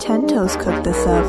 Tentos cooked this up.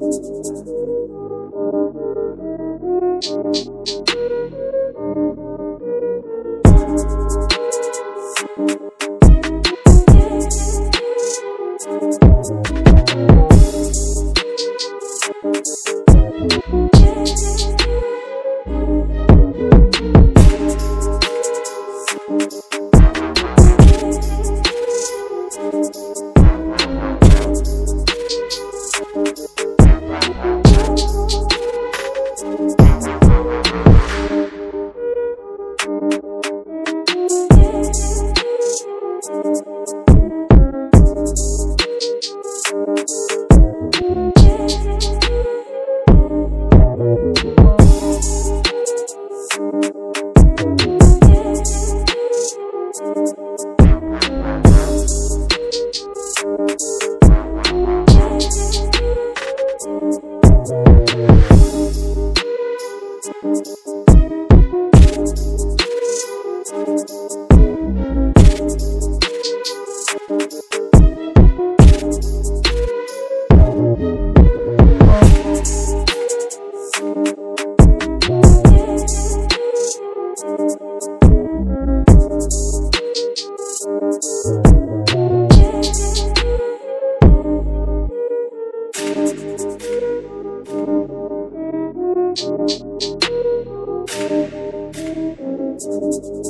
Thank you. thank you